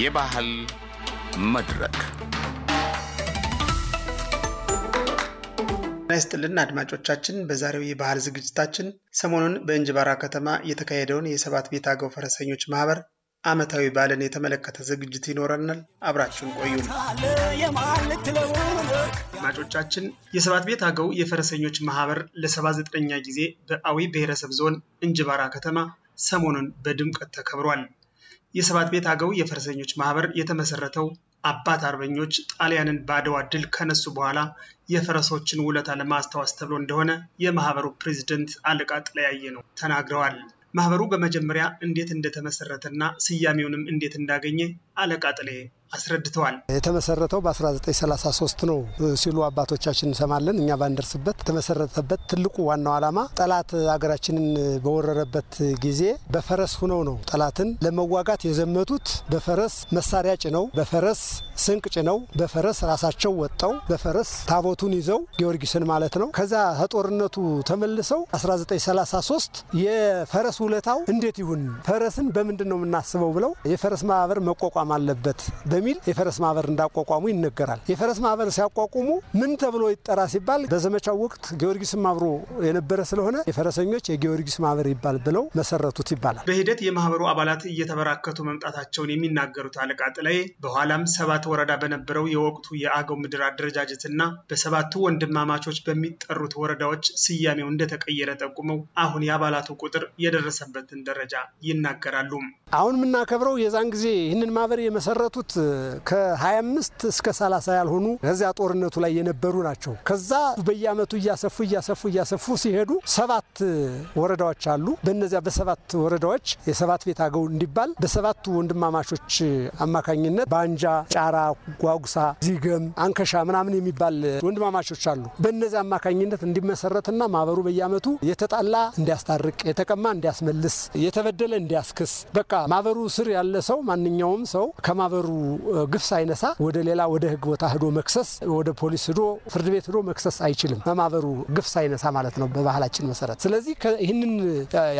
የባህል መድረክ ይስጥልን አድማጮቻችን፣ በዛሬው የባህል ዝግጅታችን ሰሞኑን በእንጅባራ ከተማ የተካሄደውን የሰባት ቤት አገው ፈረሰኞች ማህበር ዓመታዊ በዓልን የተመለከተ ዝግጅት ይኖረናል። አብራችሁን ቆዩ። አድማጮቻችን፣ የሰባት ቤት አገው የፈረሰኞች ማህበር ለሰባ ኛ ጊዜ በአዊ ብሔረሰብ ዞን እንጅባራ ከተማ ሰሞኑን በድምቀት ተከብሯል። የሰባት ቤት አገው የፈረሰኞች ማህበር የተመሰረተው አባት አርበኞች ጣሊያንን በአድዋ ድል ከነሱ በኋላ የፈረሶችን ውለታ ለማስታወስ ተብሎ እንደሆነ የማህበሩ ፕሬዚደንት አለቃ ጥለያየ ነው ተናግረዋል። ማህበሩ በመጀመሪያ እንዴት እንደተመሰረተና ስያሜውንም እንዴት እንዳገኘ አለቃ ጥሌ አስረድተዋል። የተመሰረተው በ1933 ነው ሲሉ አባቶቻችን እንሰማለን። እኛ ባንደርስበት የተመሰረተበት ትልቁ ዋናው ዓላማ ጠላት አገራችንን በወረረበት ጊዜ በፈረስ ሁነው ነው ጠላትን ለመዋጋት የዘመቱት። በፈረስ መሳሪያ ጭነው፣ በፈረስ ስንቅ ጭነው፣ በፈረስ ራሳቸው ወጠው፣ በፈረስ ታቦቱን ይዘው ጊዮርጊስን ማለት ነው። ከዛ ከጦርነቱ ተመልሰው 1933 የፈረስ ውለታው እንዴት ይሁን፣ ፈረስን በምንድን ነው የምናስበው ብለው የፈረስ ማህበር መቋቋም አለበት በሚል የፈረስ ማህበር እንዳቋቋሙ ይነገራል። የፈረስ ማህበር ሲያቋቁሙ ምን ተብሎ ይጠራ ሲባል በዘመቻው ወቅት ጊዮርጊስ ማብሮ የነበረ ስለሆነ የፈረሰኞች የጊዮርጊስ ማህበር ይባል ብለው መሰረቱት ይባላል። በሂደት የማህበሩ አባላት እየተበራከቱ መምጣታቸውን የሚናገሩት አለቃ ላይ በኋላም ሰባት ወረዳ በነበረው የወቅቱ የአገው ምድር አደረጃጀትና በሰባቱ ወንድማማቾች በሚጠሩት ወረዳዎች ስያሜው እንደተቀየረ ጠቁመው አሁን የአባላቱ ቁጥር የደረሰበትን ደረጃ ይናገራሉ። አሁን የምናከብረው የዛን ጊዜ ይህንን ማህበር የመሰረቱት ከ25 እስከ 30 ያልሆኑ ከዚያ ጦርነቱ ላይ የነበሩ ናቸው። ከዛ በየአመቱ እያሰፉ እያሰፉ እያሰፉ ሲሄዱ ሰባት ወረዳዎች አሉ። በነዚያ በሰባት ወረዳዎች የሰባት ቤት አገው እንዲባል በሰባቱ ወንድማማቾች አማካኝነት ባንጃ፣ ጫራ፣ ጓጉሳ፣ ዚገም፣ አንከሻ ምናምን የሚባል ወንድማማቾች አሉ። በነዚያ አማካኝነት እንዲመሰረትና ማህበሩ በየአመቱ የተጣላ እንዲያስታርቅ፣ የተቀማ እንዲያስመልስ፣ የተበደለ እንዲያስክስ በቃ ማህበሩ ስር ያለ ሰው ማንኛውም ሰው ከማህበሩ ግፍ ሳይነሳ ወደ ሌላ ወደ ህግ ቦታ ህዶ መክሰስ ወደ ፖሊስ ህዶ ፍርድ ቤት ህዶ መክሰስ አይችልም። በማህበሩ ግፍ ሳይነሳ ማለት ነው በባህላችን መሰረት። ስለዚህ ይህንን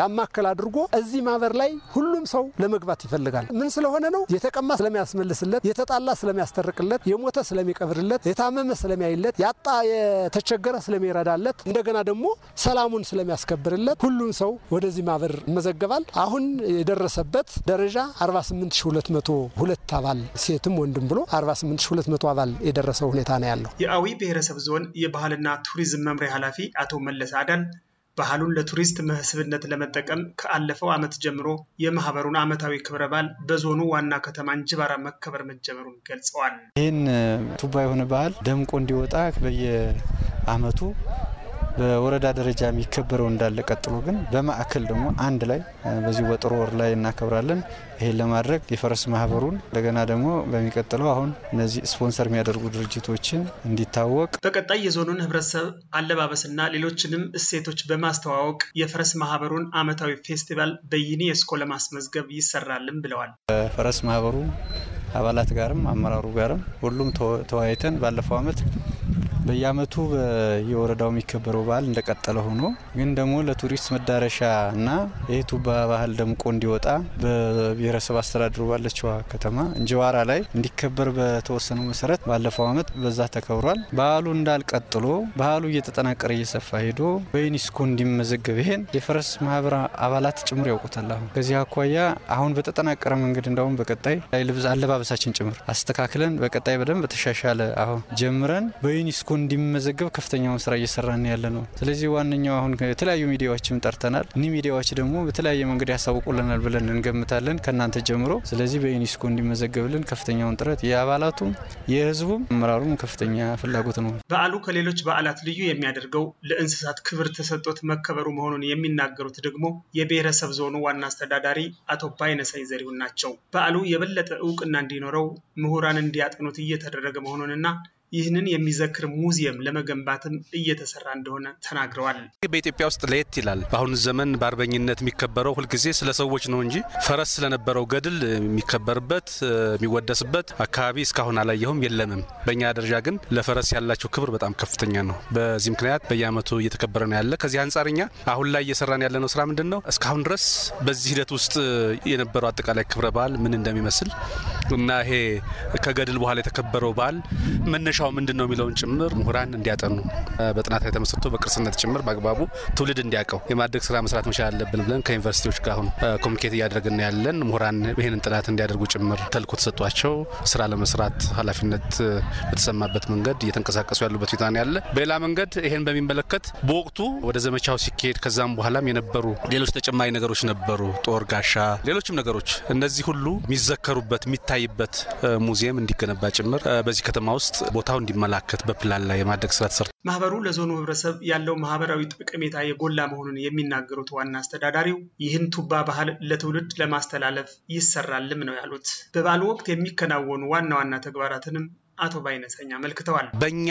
ያማከል አድርጎ እዚህ ማህበር ላይ ሁሉም ሰው ለመግባት ይፈልጋል። ምን ስለሆነ ነው? የተቀማ ስለሚያስመልስለት፣ የተጣላ ስለሚያስጠርቅለት፣ የሞተ ስለሚቀብርለት፣ የታመመ ስለሚያይለት፣ ያጣ የተቸገረ ስለሚረዳለት፣ እንደገና ደግሞ ሰላሙን ስለሚያስከብርለት ሁሉም ሰው ወደዚህ ማህበር ይመዘገባል። አሁን የደረሰበት ደረጃ 48202 አባል ሴትም ወንድም ብሎ 48200 አባል የደረሰው ሁኔታ ነው ያለው። የአዊ ብሔረሰብ ዞን የባህልና ቱሪዝም መምሪያ ኃላፊ አቶ መለስ አዳን ባህሉን ለቱሪስት መስህብነት ለመጠቀም ከአለፈው ዓመት ጀምሮ የማህበሩን ዓመታዊ ክብረ በዓል በዞኑ ዋና ከተማ እንጅባራ መከበር መጀመሩን ገልጸዋል። ይህን ቱባ የሆነ ባህል ደምቆ እንዲወጣ በየዓመቱ በወረዳ ደረጃ የሚከበረው እንዳለ ቀጥሎ ግን በማዕከል ደግሞ አንድ ላይ በዚህ ወጥሮ ወር ላይ እናከብራለን። ይሄን ለማድረግ የፈረስ ማህበሩን እንደገና ደግሞ በሚቀጥለው አሁን እነዚህ ስፖንሰር የሚያደርጉ ድርጅቶችን እንዲታወቅ በቀጣይ የዞኑን ህብረተሰብ አለባበስና ሌሎችንም እሴቶች በማስተዋወቅ የፈረስ ማህበሩን አመታዊ ፌስቲቫል በዩኔስኮ ለማስመዝገብ ይሰራልም ብለዋል። ፈረስ ማህበሩ አባላት ጋርም አመራሩ ጋርም ሁሉም ተወያይተን ባለፈው አመት በየአመቱ የወረዳው የሚከበረው በዓል እንደቀጠለ ሆኖ ግን ደግሞ ለቱሪስት መዳረሻ እና ይሄ ባህል ደምቆ እንዲወጣ በብሔረሰብ አስተዳድሩ ባለችዋ ከተማ እንጅባራ ላይ እንዲከበር በተወሰነው መሰረት ባለፈው አመት በዛ ተከብሯል። በዓሉ እንዳልቀጥሎ ባህሉ እየተጠናቀረ እየሰፋ ሄዶ በዩኒስኮ እንዲመዘገብ ይሄን የፈረስ ማህበር አባላት ጭምር ያውቁታል። አሁን ከዚህ አኳያ አሁን በተጠናቀረ መንገድ እንዳሁም በቀጣይ አለባበሳችን ጭምር አስተካክለን በቀጣይ በደንብ በተሻሻለ አሁን ጀምረን በዩኒስኮ እንዲመዘገብ ከፍተኛውን ስራ እየሰራን ያለ ነው። ስለዚህ ዋነኛው አሁን የተለያዩ ሚዲያዎችም ጠርተናል። እኒህ ሚዲያዎች ደግሞ በተለያየ መንገድ ያሳውቁልናል ብለን እንገምታለን ከእናንተ ጀምሮ። ስለዚህ በዩኒስኮ እንዲመዘገብልን ከፍተኛውን ጥረት የአባላቱም የህዝቡም አመራሩም ከፍተኛ ፍላጎት ነው። በዓሉ ከሌሎች በዓላት ልዩ የሚያደርገው ለእንስሳት ክብር ተሰጥቶት መከበሩ መሆኑን የሚናገሩት ደግሞ የብሔረሰብ ዞኑ ዋና አስተዳዳሪ አቶ ባይነሳይ ዘሪሁን ናቸው። በዓሉ የበለጠ እውቅና እንዲኖረው ምሁራን እንዲያጠኑት እየተደረገ መሆኑንና ይህንን የሚዘክር ሙዚየም ለመገንባትም እየተሰራ እንደሆነ ተናግረዋል። በኢትዮጵያ ውስጥ ለየት ይላል። በአሁኑ ዘመን በአርበኝነት የሚከበረው ሁልጊዜ ስለ ሰዎች ነው እንጂ ፈረስ ስለነበረው ገድል የሚከበርበት የሚወደስበት አካባቢ እስካሁን አላየሁም የለምም። በእኛ ደረጃ ግን ለፈረስ ያላቸው ክብር በጣም ከፍተኛ ነው። በዚህ ምክንያት በየአመቱ እየተከበረ ነው ያለ። ከዚህ አንጻርኛ እኛ አሁን ላይ እየሰራን ያለነው ስራ ምንድን ነው? እስካሁን ድረስ በዚህ ሂደት ውስጥ የነበረው አጠቃላይ ክብረ በዓል ምን እንደሚመስል እና ይሄ ከገድል በኋላ የተከበረው በዓል መነሻው ምንድን ነው የሚለውን ጭምር ምሁራን እንዲያጠኑ በጥናት ላይ ተመስርቶ በቅርስነት ጭምር በአግባቡ ትውልድ እንዲያውቀው የማድረግ ስራ መስራት መቻል አለብን ብለን ከዩኒቨርሲቲዎች ጋር አሁን ኮሚኒኬት እያደረግን ያለን ምሁራን ይህንን ጥናት እንዲያደርጉ ጭምር ተልኮ ተሰጧቸው ስራ ለመስራት ኃላፊነት በተሰማበት መንገድ እየተንቀሳቀሱ ያሉበት ሁኔታ ያለ። በሌላ መንገድ ይህን በሚመለከት በወቅቱ ወደ ዘመቻው ሲካሄድ ከዛም በኋላም የነበሩ ሌሎች ተጨማሪ ነገሮች ነበሩ፣ ጦር ጋሻ፣ ሌሎችም ነገሮች እነዚህ ሁሉ የሚዘከሩበት የሚታይ የሚታይበት ሙዚየም እንዲገነባ ጭምር በዚህ ከተማ ውስጥ ቦታው እንዲመላከት በፕላን ላይ የማድረግ ስራ ተሰርቷል። ማህበሩ ለዞኑ ህብረተሰብ ያለው ማህበራዊ ጠቀሜታ የጎላ መሆኑን የሚናገሩት ዋና አስተዳዳሪው ይህን ቱባ ባህል ለትውልድ ለማስተላለፍ ይሰራልም ነው ያሉት። በበዓሉ ወቅት የሚከናወኑ ዋና ዋና ተግባራትንም አቶ ባይነሰኝ አመልክተዋል። በእኛ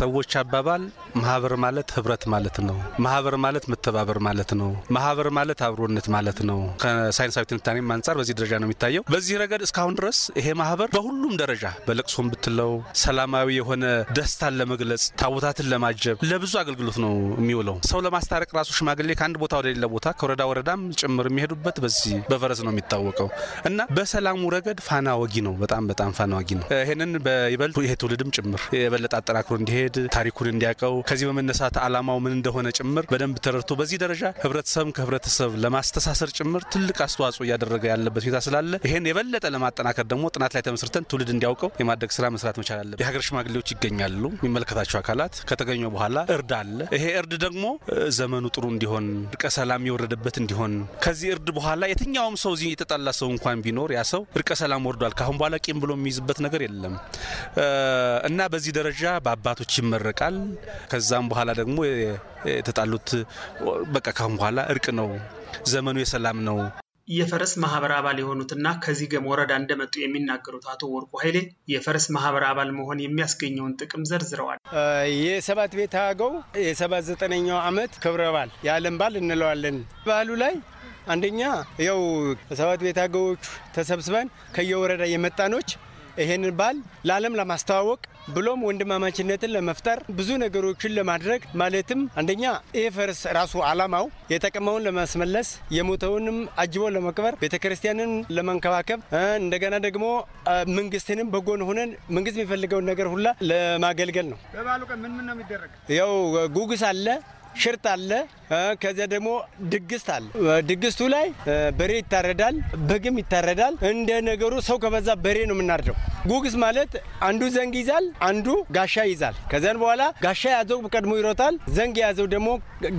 ሰዎች አባባል ማህበር ማለት ህብረት ማለት ነው። ማህበር ማለት መተባበር ማለት ነው። ማህበር ማለት አብሮነት ማለት ነው። ከሳይንሳዊ ትንታኔም አንጻር በዚህ ደረጃ ነው የሚታየው። በዚህ ረገድ እስካሁን ድረስ ይሄ ማህበር በሁሉም ደረጃ በለቅሶም ብትለው ሰላማዊ የሆነ ደስታን ለመግለጽ ታቦታትን ለማጀብ ለብዙ አገልግሎት ነው የሚውለው። ሰው ለማስታረቅ ራሱ ሽማግሌ ከአንድ ቦታ ወደ ሌላ ቦታ ከወረዳ ወረዳም ጭምር የሚሄዱበት በዚህ በፈረስ ነው የሚታወቀው እና በሰላሙ ረገድ ፋና ወጊ ነው። በጣም በጣም ፋና ወጊ ነው። ይህንን ይበልጥ ይሄ ትውልድም ጭምር የበለጠ አጠናክሮ እንዲሄድ ታሪኩን እንዲያውቀው ከዚህ በመነሳት አላማው ምን እንደሆነ ጭምር በደንብ ተረድቶ በዚህ ደረጃ ህብረተሰብ ከህብረተሰብ ለማስተሳሰር ጭምር ትልቅ አስተዋጽኦ እያደረገ ያለበት ሁኔታ ስላለ ይሄን የበለጠ ለማጠናከር ደግሞ ጥናት ላይ ተመስርተን ትውልድ እንዲያውቀው የማድረግ ስራ መስራት መቻል አለ የሀገር ሽማግሌዎች ይገኛሉ። የሚመለከታቸው አካላት ከተገኘ በኋላ እርድ አለ። ይሄ እርድ ደግሞ ዘመኑ ጥሩ እንዲሆን እርቀ ሰላም የወረደበት እንዲሆን ከዚህ እርድ በኋላ የትኛውም ሰው እዚህ የተጣላ ሰው እንኳን ቢኖር ያ ሰው እርቀ ሰላም ወርዷል፣ ካሁን በኋላ ቂም ብሎ የሚይዝበት ነገር የለም፣ እና በዚህ ደረጃ በአባቶች ይመረቃል። ከዛም በኋላ ደግሞ የተጣሉት በቃ ካሁን በኋላ እርቅ ነው፣ ዘመኑ የሰላም ነው። የፈረስ ማህበር አባል የሆኑትና ከዚህ ገም ወረዳ እንደመጡ የሚናገሩት አቶ ወርቁ ኃይሌ የፈረስ ማህበር አባል መሆን የሚያስገኘውን ጥቅም ዘርዝረዋል። የሰባት ቤት አገው የሰባት ዘጠነኛው ዓመት ክብረ በዓል የዓለም በዓል እንለዋለን። ባህሉ ላይ አንደኛ ያው ሰባት ቤት አገዎች ተሰብስበን ከየወረዳ የመጣኖች ይሄንን በዓል ለዓለም ለማስተዋወቅ ብሎም ወንድማማችነትን ለመፍጠር ብዙ ነገሮችን ለማድረግ ማለትም አንደኛ ይህ ፈረስ ራሱ ዓላማው የጠቀመውን ለማስመለስ የሞተውንም አጅቦ ለመቅበር ቤተ ክርስቲያንን ለመንከባከብ እንደገና ደግሞ መንግስትንም በጎን ሆነን መንግስት የሚፈልገውን ነገር ሁላ ለማገልገል ነው። ያው ጉጉስ አለ ሽርጥ አለ። ከዚያ ደግሞ ድግስት አለ። ድግስቱ ላይ በሬ ይታረዳል፣ በግም ይታረዳል። እንደ ነገሩ ሰው ከበዛ በሬ ነው የምናርደው። ጉግስ ማለት አንዱ ዘንግ ይዛል፣ አንዱ ጋሻ ይዛል። ከዚያን በኋላ ጋሻ የያዘው ቀድሞ ይሮጣል፣ ዘንግ የያዘው ደግሞ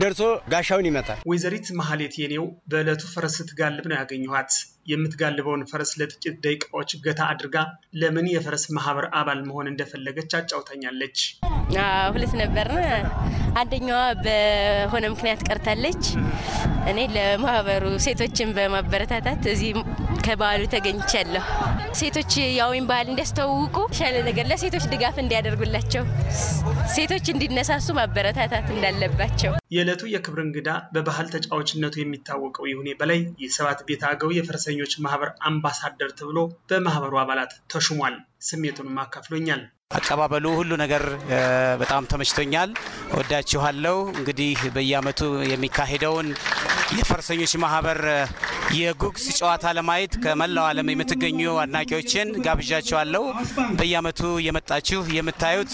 ደርሶ ጋሻውን ይመታል። ወይዘሪት መሀሌት የኔው በዕለቱ ፈረስ ስትጋልብ ነው ያገኘኋት። የምትጋልበውን ፈረስ ለጥቂት ደቂቃዎች ገታ አድርጋ ለምን የፈረስ ማህበር አባል መሆን እንደፈለገች አጫውታኛለች። ሁለት ነበርና አንደኛዋ በሆነ ምክንያት ቀርታለች። እኔ ለማህበሩ ሴቶችን በማበረታታት እዚህ ከባህሉ ተገኝቻለሁ። ሴቶች የአዊን ባህል እንዲያስተዋውቁ ሻለ ነገር ለሴቶች ድጋፍ እንዲያደርጉላቸው፣ ሴቶች እንዲነሳሱ ማበረታታት እንዳለባቸው። የዕለቱ የክብር እንግዳ በባህል ተጫዋችነቱ የሚታወቀው ይሁኔ በላይ የሰባት ቤት አገው የፈረሰኞች ማህበር አምባሳደር ተብሎ በማህበሩ አባላት ተሹሟል። ስሜቱንም አካፍሎኛል። አቀባበሉ ሁሉ ነገር በጣም ተመችቶኛል። ወዳችኋለሁ። እንግዲህ በየአመቱ የሚካሄደውን የፈረሰኞች ማህበር የጉግስ ጨዋታ ለማየት ከመላው ዓለም የምትገኙ አድናቂዎችን ጋብዣቸዋለሁ። በየአመቱ የመጣችሁ የምታዩት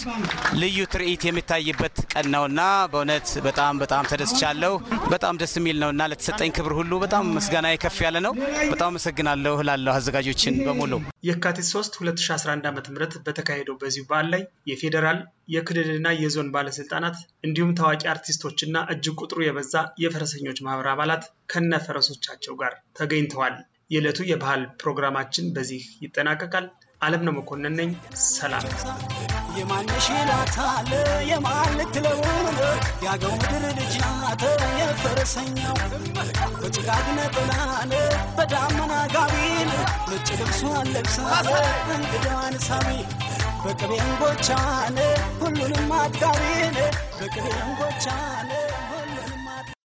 ልዩ ትርኢት የሚታይበት ቀን ነውና በእውነት በጣም በጣም ተደስቻለሁ። በጣም ደስ የሚል ነውና ለተሰጠኝ ክብር ሁሉ በጣም ምስጋና ከፍ ያለ ነው። በጣም አመሰግናለሁ እላለሁ አዘጋጆችን በሙሉ። የካቲት 3 2011 ዓ ም በተካሄደው በዚሁ በዓል ላይ የፌዴራል የክልልና የዞን ባለስልጣናት እንዲሁም ታዋቂ አርቲስቶችና እጅግ ቁጥሩ የበዛ የፈረሰኞች ማህበር አባላት ከነ ፈረሶቻቸው ጋር ተገኝተዋል። የዕለቱ የባህል ፕሮግራማችን በዚህ ይጠናቀቃል። አለም ነው መኮንን ነኝ። ሰላም። የማንሽ ይላታል ያገው ምድር ልጅ ናት የፈረሰኛው በጭጋግ ነጠላን በዳመና ጋቢን ነጭ ልብሷን ለብሳ እንግዳዋን ሳሚ በቅቤ እንጎቻኔ ሁሉንም አጋቢኔ በቅቤ እንጎቻኔ